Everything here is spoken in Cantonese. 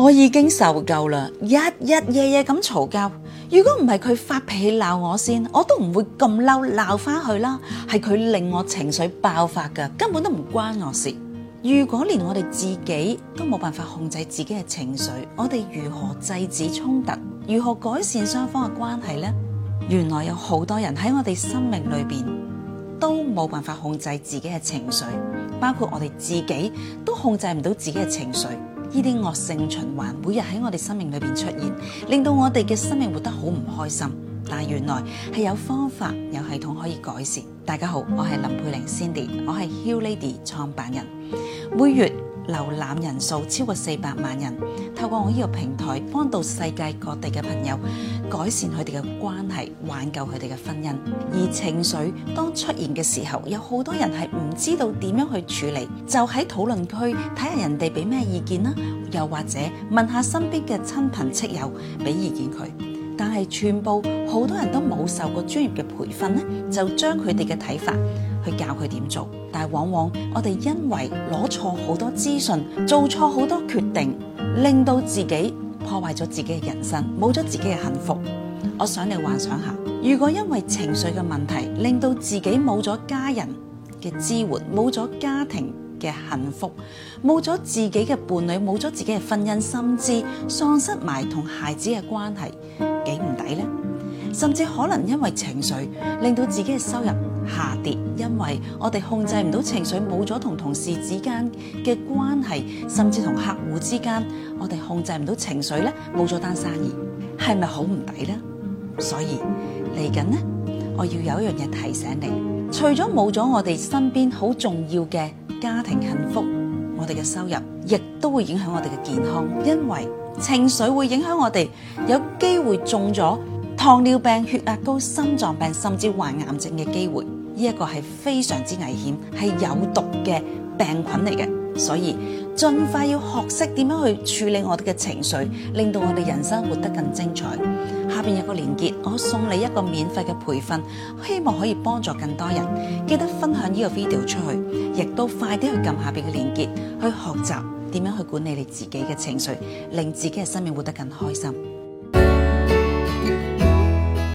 我已經受夠啦，日日夜夜咁嘈交。如果唔係佢發脾氣鬧我先，我都唔會咁嬲鬧翻佢啦。係佢令我情緒爆發㗎，根本都唔關我事。如果連我哋自己都冇辦法控制自己嘅情緒，我哋如何制止衝突？如何改善雙方嘅關係呢？原來有好多人喺我哋生命裏邊都冇辦法控制自己嘅情緒，包括我哋自己都控制唔到自己嘅情緒。呢啲惡性循環每日喺我哋生命裏面出現，令到我哋嘅生命活得好唔開心。但原來係有方法、有系統可以改善。大家好，我係林佩玲 Cindy，我係 Hero Ladies 創辦人，每月。瀏覽人數超過四百萬人，透過我呢個平台，幫到世界各地嘅朋友，改善佢哋嘅關係，挽救佢哋嘅婚姻。而情緒當出現嘅時候，有好多人係唔知道點樣去處理，就喺討論區睇下人哋俾咩意見啦，又或者問下身邊嘅親朋戚友俾意見佢。但係全部好多人都冇受過專業嘅培訓咧，就將佢哋嘅睇法。教佢點做，但係往往我哋因為攞錯好多資訊，做錯好多決定，令到自己破壞咗自己嘅人生，冇咗自己嘅幸福。我想你幻想下，如果因為情緒嘅問題，令到自己冇咗家人嘅支援，冇咗家庭嘅幸福，冇咗自己嘅伴侶，冇咗自己嘅婚姻，甚至，喪失埋同孩子嘅關係，幾唔抵呢？甚至可能因為情緒令到自己嘅收入下跌，因為我哋控制唔到情緒，冇咗同同事之間嘅關係，甚至同客戶之間，我哋控制唔到情緒咧，冇咗單生意，係咪好唔抵咧？所以嚟緊咧，我要有一樣嘢提醒你，除咗冇咗我哋身邊好重要嘅家庭幸福，我哋嘅收入亦都會影響我哋嘅健康，因為情緒會影響我哋有機會中咗。糖尿病、血壓高、心臟病，甚至患癌症嘅機會，呢一個係非常之危險，係有毒嘅病菌嚟嘅。所以，盡快要學識點樣去處理我哋嘅情緒，令到我哋人生活得更精彩。下邊有個連結，我送你一個免費嘅培訓，希望可以幫助更多人。記得分享呢個 video 出去，亦都快啲去撳下邊嘅連結，去學習點樣去管理你自己嘅情緒，令自己嘅生命活得更開心。